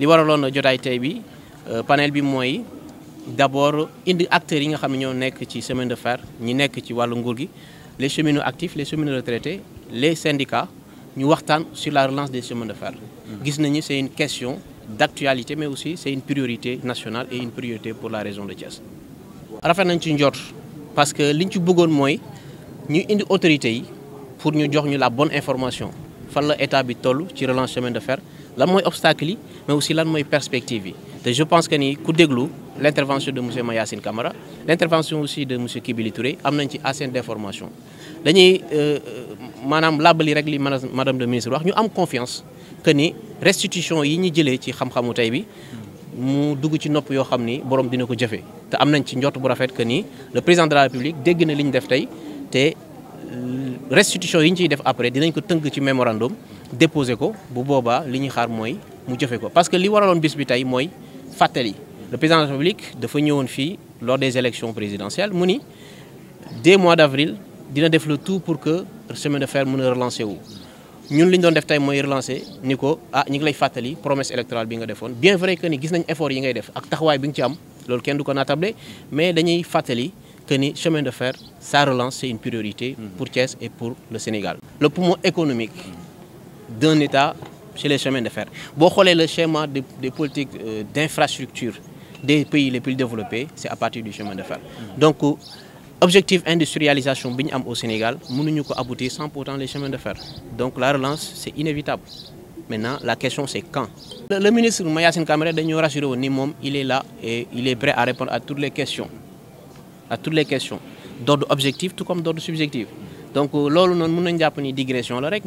li waralon jotay tay bi euh, panel bi moy d'abord indi acteurs yi nga xamni ñoo nekk ci semaine de fer ñi nekk ci walu nguur gi les cheminots actifs les cheminots retraités les syndicats ñu waxtaan sur la relance des chemins de fer. gis nañu c'est une question d'actualité mais aussi c'est une priorité nationale et une priorité pour la région de Thiès. rafa nañ ci parce que liñ ci bëggoon moy ñu indi autorités yi pour ñu jox ñu la bonne information fan la état bi tollu ci relance chemin de fer lan mooy obstacle yi mais aussi lan mooy perspective yi te je pense que ni ku déglu l' intervention de monsieur Mayacine Camara l' intervention aussi de monsieur Kibili Touré am nañ ci assez d' information dañuy euh, maanaam làbbali rek li madame de ministre wax ñu am confiance que ni restitution yi ñu jëlee ci xam-xamu tey bi mu dugg ci nopp yoo xam ni borom dina ko jëfee te am nañ ci njort bu rafet que ni le président de la république dégg na li ñu def tey te euh, restitution yi ñu ciy def après dinañ ko tënk ci mémorandum déposer ko bu boba li ñuy xaar moy mu jëfe ko parce que li waralon bis bi tay moy fatali le président de la République dafa ñëwoon lors des élections présidentielles muni dès mois d'avril, il dina def le tout pour que chemin de fer mën relancer wu. ñun liñ doon def tay moy relancer niko ah ñi ngi lay fatali promesse électorale bi nga defoon bien vrai que ni gis nañ effort yi ngay def ak taxaway bi nga ci am loolu kenn du ko mais dañuy fatali, que ni chemin de fer, sa relance, c'est une priorité pour Thiès et pour le Sénégal. Le poumon économique d'un État chez les chemins de fer. Bon, le schéma des, politiques euh, d'infrastructure des pays les plus développés, c'est à partir du chemin de fer. Donc, euh, objectif industrialisation au Sénégal n'avons pas aboutir sans pourtant les chemins de fer donc la relance c'est inévitable maintenant la question c'est quand le ministre Maya Camara minimum il est là et il est prêt à répondre à toutes les questions à toutes les questions d'ordre objectif tout comme d'ordre subjectif donc nous que nous nañ digression nous rek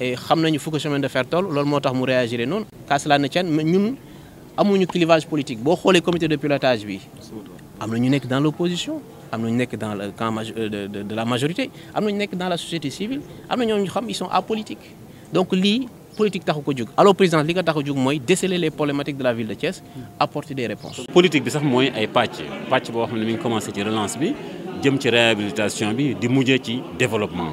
et eh, xam nañu fu ko de fer toll loolu moo tax mu réagiré noonu qu'à cela ne tienne ñun amuñu clivage politique boo xoolee comité de pilotage bi am na ñu nekk dans l'opposition am na ñu nekk dans le camp euh, de la majorité am na ñu nekk dans la société civile am na ñoom ñu xam ils sont apolitiques donc lii politique taxu ko jug alors président li ko taxu jug mooy déceler les problématiques de la ville de Thiès apporter des réponses politique bi sax mooy ay pàcc pàcc boo xam ne mi ngi commencé ci relance bi jëm ci réhabilitation bi di mujjee ci développement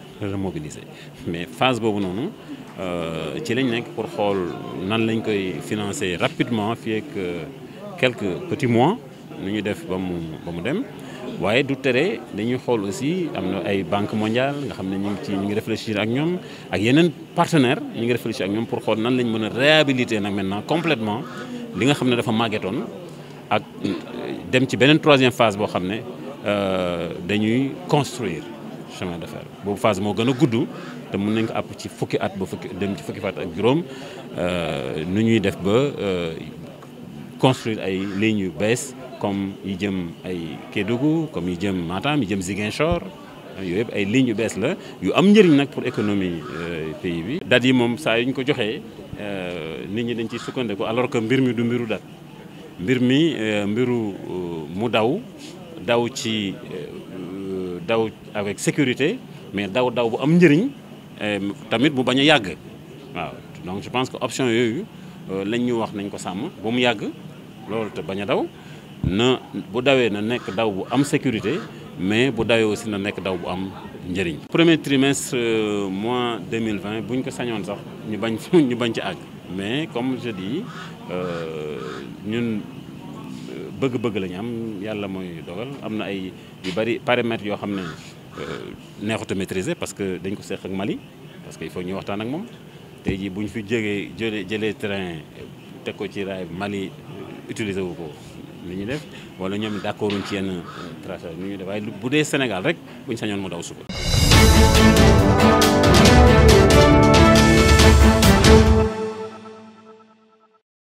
remobiliser mais phase boobu euh ci lañ nek pour xol nan lañ koy financer rapidement fii ak euh, quelques petits mois nu ñu def ba mu ba mu dem waye du téré dañuy xol aussi am ay banque mondiale nga xamné ne ñu ngi ci ñu réfléchir ak ñom ak yenen partenaire ñu ngi réfléchir ak ñom pour xol nan lañ mëna réhabiliter nak maintenant complètement li nga xamné dafa màggetoon ak euh, dem ci benen troisième phase bo xamné euh dañuy construire chemin de fer boobu phase moo gën a gudd te mën nañ ko àpp ci fukki at ba fukki dem ci fukki at ak juróom euh, nu ñuy def ba euh, construire ay lignes yu bees comme yi jëm ay Kédougou comme yi jëm Matam yi jëm Ziguinchor yooyu yëpp ay liiñ yu bees la yu am njëriñ nag pour économie euh, pays bi. date yi moom saa yu ñu ko joxee nit ñi dañ ciy sukkandiku alors que mbir mi du mbiru date mbir mi mbiru mu daw daw ci. daw avec sécurité mais daw daw bu am njëriñ eh, tamit bu bañ a yàgg donc je pense que option yooyu euh, lañ ñu wax nañ ko sàmm bu mu yàgg loolu te bañ a daw na bu dawee na nekk daw bu am sécurité mais bu dawee aussi na nekk daw bu am njëriñ. premier trimestre euh, mois 2020 buñ ko sañoon sax ñu bañ ñu bañ ci àgg mais comme je dis euh, ñun bëgg-bëgg lañu am yalla moy dogal amna ay yu bari paramètres yo xam ne euh, neexut maîtriser parce que dañ ko seex ak Mali parce que il faut ñu waxtaan ak mom tay ji buñ fi jégué jëlee jëlee train teg ko ci raay Mali utiliser wu ko lu ñu def wala ñoom d'accorduñ ci yenn tracé nu ñu def way bu dee Sénégal rek buñ sañon mu daw suba.